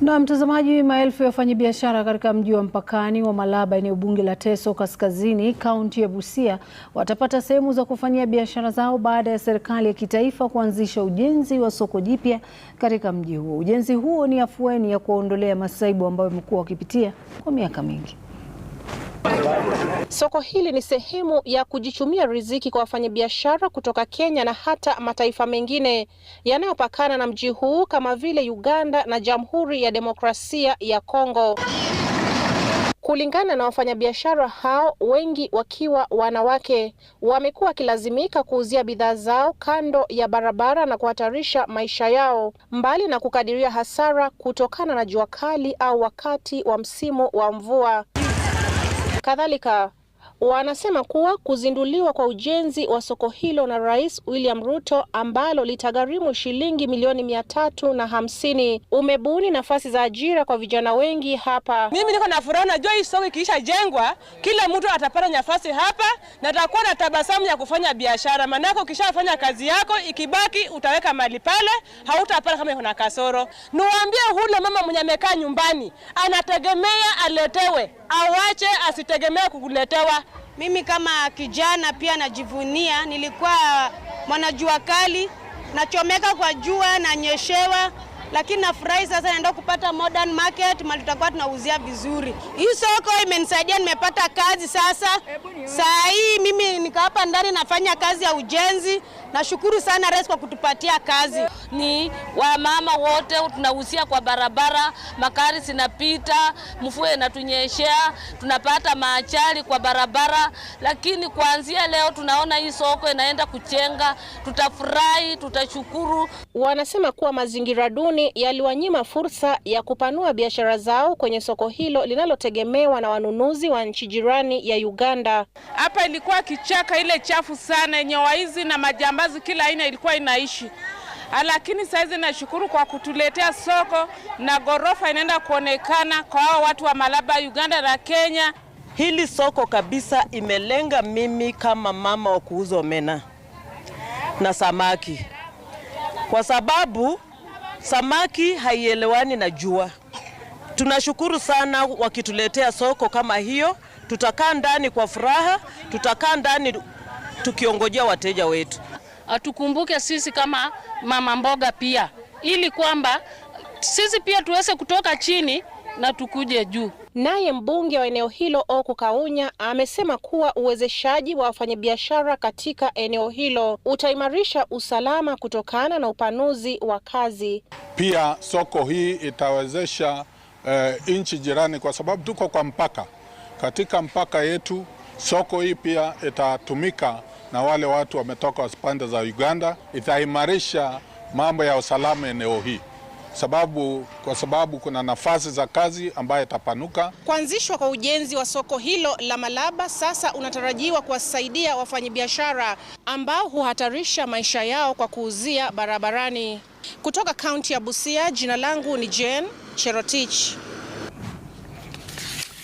Na mtazamaji, maelfu ya wafanyabiashara katika mji wa mpakani wa Malaba, eneo bunge la Teso Kaskazini, kaunti ya Busia, watapata sehemu za kufanyia biashara zao baada ya serikali ya kitaifa kuanzisha ujenzi wa soko jipya katika mji huo. Ujenzi huo ni afueni ya kuondolea masaibu ambayo wamekuwa wakipitia kwa miaka mingi. Soko hili ni sehemu ya kujichumia riziki kwa wafanyabiashara kutoka Kenya na hata mataifa mengine yanayopakana na mji huu kama vile Uganda na Jamhuri ya Demokrasia ya Kongo. Kulingana na wafanyabiashara hao, wengi wakiwa wanawake, wamekuwa wakilazimika kuuzia bidhaa zao kando ya barabara na kuhatarisha maisha yao, mbali na kukadiria hasara kutokana na jua kali au wakati wa msimu wa mvua. Kadhalika wanasema kuwa kuzinduliwa kwa ujenzi wa soko hilo na Rais William Ruto ambalo litagharimu shilingi milioni mia tatu na hamsini umebuni nafasi za ajira kwa vijana wengi hapa. Mimi niko na furaha, najua hii soko ikiisha jengwa, kila mtu atapata nafasi hapa na atakuwa na tabasamu ya kufanya biashara, maanake ukishafanya kazi yako ikibaki utaweka mali pale, hautapata kama na kasoro. Niwaambie hule mama mwenye amekaa nyumbani anategemea aletewe, awache asitegemea kuletewa. Mimi kama kijana pia najivunia, nilikuwa mwanajua kali, nachomeka kwa jua, nanyeshewa lakini nafurahi sasa, naenda kupata modern market mali tutakuwa tunauzia vizuri. Hii soko imenisaidia, nimepata kazi sasa. Saa hii mimi niko hapa ndani nafanya kazi ya ujenzi. Nashukuru sana Rais kwa kutupatia kazi. Ni wamama wote tunahusia kwa barabara, makari zinapita, mvua inatunyeshea, tunapata maachali kwa barabara, lakini kuanzia leo tunaona hii soko inaenda kuchenga, tutafurahi, tutashukuru. Wanasema kuwa mazingira duni lakini yaliwanyima fursa ya kupanua biashara zao kwenye soko hilo linalotegemewa na wanunuzi wa nchi jirani ya Uganda. Hapa ilikuwa kichaka ile chafu sana yenye waizi na majambazi kila aina ilikuwa inaishi, lakini sahizi nashukuru kwa kutuletea soko na ghorofa inaenda kuonekana kwa hao watu wa Malaba, Uganda na Kenya. Hili soko kabisa imelenga mimi kama mama wa kuuza omena na samaki kwa sababu Samaki haielewani na jua. Tunashukuru sana wakituletea soko kama hiyo, tutakaa ndani kwa furaha, tutakaa ndani tukiongojea wateja wetu. Atukumbuke sisi kama mama mboga pia, ili kwamba sisi pia tuweze kutoka chini na tukuje juu. Naye mbunge wa eneo hilo Oku Kaunya amesema kuwa uwezeshaji wa wafanyabiashara katika eneo hilo utaimarisha usalama kutokana na upanuzi wa kazi. Pia soko hii itawezesha eh, nchi jirani kwa sababu tuko kwa mpaka. Katika mpaka yetu soko hii pia itatumika na wale watu wametoka pande za Uganda, itaimarisha mambo ya usalama eneo hii sababu, kwa sababu kuna nafasi za kazi ambayo itapanuka. Kuanzishwa kwa ujenzi wa soko hilo la Malaba sasa unatarajiwa kuwasaidia wafanyabiashara ambao huhatarisha maisha yao kwa kuuzia barabarani. Kutoka kaunti ya Busia, jina langu ni Jane Cherotich.